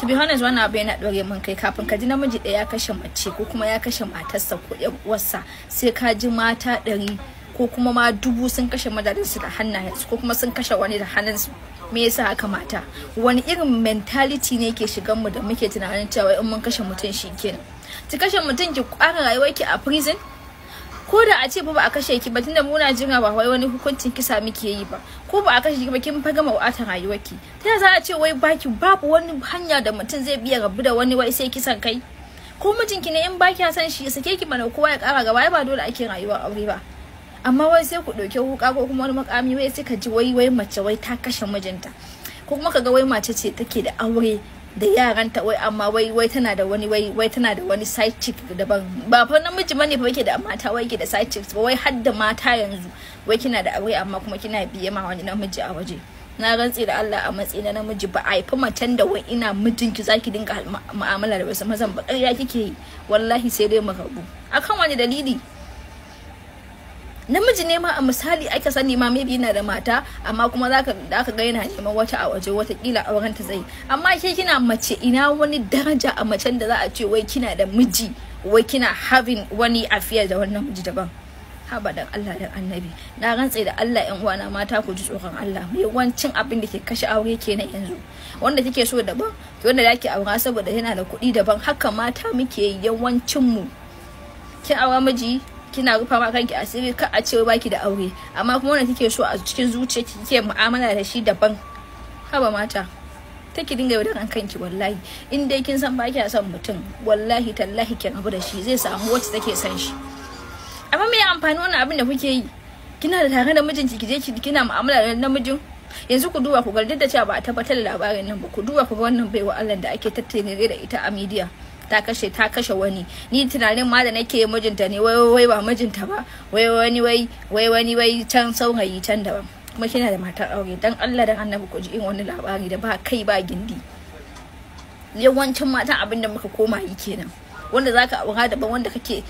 to be honest wannan abu yana dore mun kai kafin ka ji namiji ɗaya ya kashe mace ko kuma ya kashe matarsa ko ƴan uwarsa sai ka ji mata ɗari ko kuma ma dubu sun kashe mazajensu da hannayensu ko kuma sun kashe wani da hannunsu me yasa haka mata wani irin mentality ne ke shigan mu da muke tunanin cewa in mun kashe mutum shi kenan ki kashe mutum ki ƙara rayuwarki a prison ko da a ce ba a kashe ki ba tunda muna jira ba wai wani hukuncin kisa muke yi ba ko ba a kashe ki ba kin fa gama rayuwar rayuwarki ta za a ce wai baki babu wani hanya da mutum zai biya rabu da wani wai sai kisan kai ko mijinki ne in baki ya san shi sake ki mana kowa ya kara gaba ai ba dole ake rayuwa aure ba amma wai sai ku dauke wuka ko kuma wani makami wai sai ka ji wai wai mace wai ta kashe mijinta ko kuma ka ga wai mace ce take da aure da yaranta wai amma wai wai tana da wani wai wai tana da wani side chick daban ba fa namiji bane fa yake da mata wai yake da side chicks ba wai har da mata yanzu wai kina da aure amma kuma kina biye ma wani namiji a waje na rantsi da Allah a matsayi na namiji ba a fa macen da wai ina mijinki zaki dinga mu'amala da wasu mazan ba ƙarya kike yi wallahi sai dai mu rabu akan wani dalili namiji ne ma a misali aka sani ma maybe yana da mata amma kuma zaka ka ga yana neman wata a waje wata kila auren ta zai amma ke kina mace ina wani daraja a macen da za a ce wai kina da miji wai kina having wani afiya da wannan miji daban haba dan Allah dan annabi na rantse da Allah yan uwana mata ku ji tsoron Allah yawancin abin da ke kashe aure kenan yanzu wanda kike so daban ki wanda yake aure saboda yana da kuɗi daban haka mata muke yawancin mu kin aura miji kina rufa ma kanki asiri ka a ce baki da aure amma kuma wanda kike so a cikin zuciyarki kike mu'amala da shi daban haba mata ta ki dinga an kanki wallahi in dai kin san baki son mutum wallahi tallahi kin abu da shi zai samu wacce take son shi amma me amfani wannan abin da kuke yi kina da tare da mijinki ki ki kina mu'amala da namijin yanzu ku duba ku ga cewa ba a tabbatar da labarin nan ba ku duba ku ga wannan baiwa Allah da ake tattaunare da ita a media ta kashe ta kashe wani ni tunanin ma da nake mijinta ne wai wai ba mijinta ba wai wani wai wai wani wai can sauhayi can daban kuma kina da matar aure dan Allah dan Annabi ku ji in wani labari da ba kai ba gindi yawancin mata abinda muka koma yi kenan wanda za ka aura daban wanda kake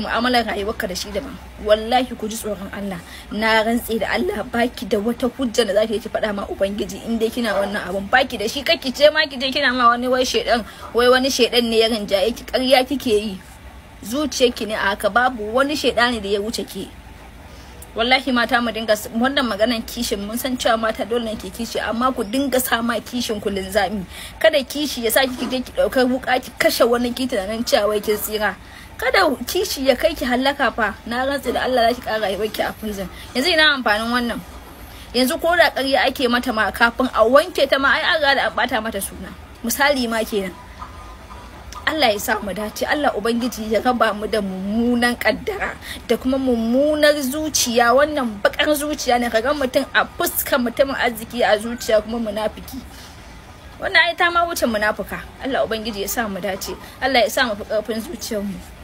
mu'amalar rayuwarka da shi daban wallahi ku ji tsoron Allah na rantse da Allah baki da wata hujja da zaki ki faɗa ma ubangiji in dai kina wannan abun baki da shi kake ce ma kije kina ma wani wai shedan wai wani shedan ne ya rinjaye ki karya kike yi zuciyarki ne a haka babu wani shedani da ya wuce ki wallahi mata mu dinga wannan maganan kishin mun san cewa mata dole ne ke kishi amma ku dinga sama kishin ku linzami kada kishi ya sa ki je ki dauka wuka ki kashe wani da nan cewa wai kin tsira kada kishi ya kai ki hallaka fa na rantsi da Allah zaki kara rayuwar ki a prison yanzu ina amfanin wannan yanzu ko da ƙarya ake mata ma kafin a wanke ta ma ai an da an bata mata suna misali ma kenan Allah ya sa mu dace Allah ubangiji ya raba mu da mummunan kaddara da kuma mummunar zuciya wannan bakar zuciya ne kaga mutum a fuska mutumin arziki a zuciya kuma munafiki wannan ai ta ma wuce munafuka Allah ubangiji ya sa mu dace Allah ya sa mu fi karfin zuciyarmu